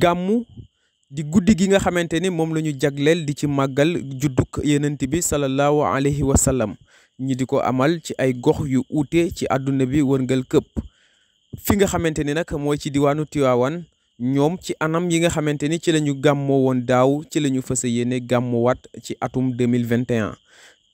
gàmmu di guddi gi nga xamante ni moom la ñu jagleel di ci màggal judduk yenent bi sallallahu alayhi wa sallam ñi di ko amal ci ay gox yu uute ci àdduna bi wërngal këpp fi nga xamante ni nag mooy ci diwaanu Tiwaawan ñoom ci anam yi nga xamante ni ci lañu gàmmoo woon daaw ci la ñu fas yéene gàmmuwaat ci atum 2021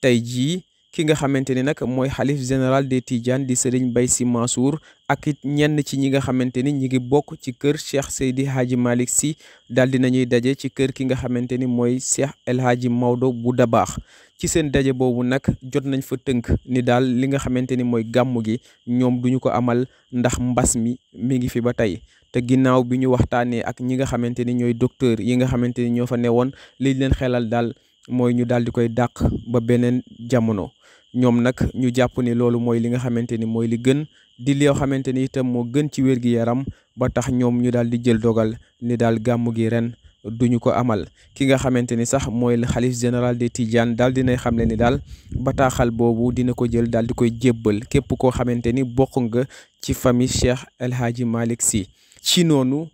tey jii ki nga xamante ni nag mooy xalif général des Tidjane di Serigne bay Sy Mansour ak it ñenn ci ñi nga xamante ni ñi ngi bokk ci kër Cheikh Seydi xaaji Malick si daal di nañuy daje ci kër ki nga xamante ni mooy Cheikh El Hadji Maodo bu dabaax ci seen daje boobu nag jot nañ fa tënk ni daal li nga xamante ni mooy gàmmu gi ñoom duñu ko amal ndax mbas mi mi ngi fi ba tey te ginnaaw bi ñu waxtaanee ak ñi nga xamante ni ñooy docteur yi nga xamante ni ñoo fa newoon liñ leen xelal daal mooy ñu daal di koy dàq ba beneen jamono. ñoom nag ñu jàpp ni loolu mooy li nga xamante ni mooy li gën di loo xamante ni itam moo gën ci wér gi yaram ba tax ñoom ñu daal di jël dogal ni daal gàmmu gi ren du ñu ko amal ki nga xamante ni sax mooy xalif général de Tidiane daal dinay xamle ni daal bataaxal boobu dina ko jël daal di koy jébbal képp koo xamante ni bokk nga ci famille Cheikh El Hadji Malick si ci noonu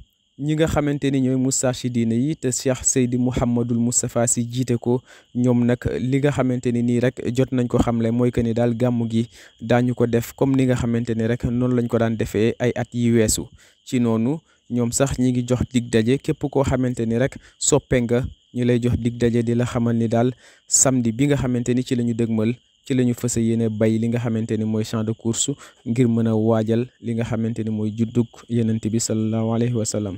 ñi nga xamante ni ñooy moustarchidine yi te Cheikh Seydi Mouhamadul Moustapha si jiite ko ñoom nag li nga xamante ni nii rek jot nañ ko xamle mooy que ni daal gàmmu gi daañu ko def comme ni nga xamante ni rek noonu lañ ko daan defee ay at yi weesu ci noonu ñoom sax ñi ngi jox digg daje képp koo xamante ni rek soppe nga ñu lay jox digg daje di la xamal ni daal samedi bi nga xamante ni ci la ñu dëgmal ci la ñu fas yéene bay li nga xamante ne mooy champ de course ngir mën a waajal li nga xamante ne mooy juddug yenent bi sallallahu alayhi wa sallam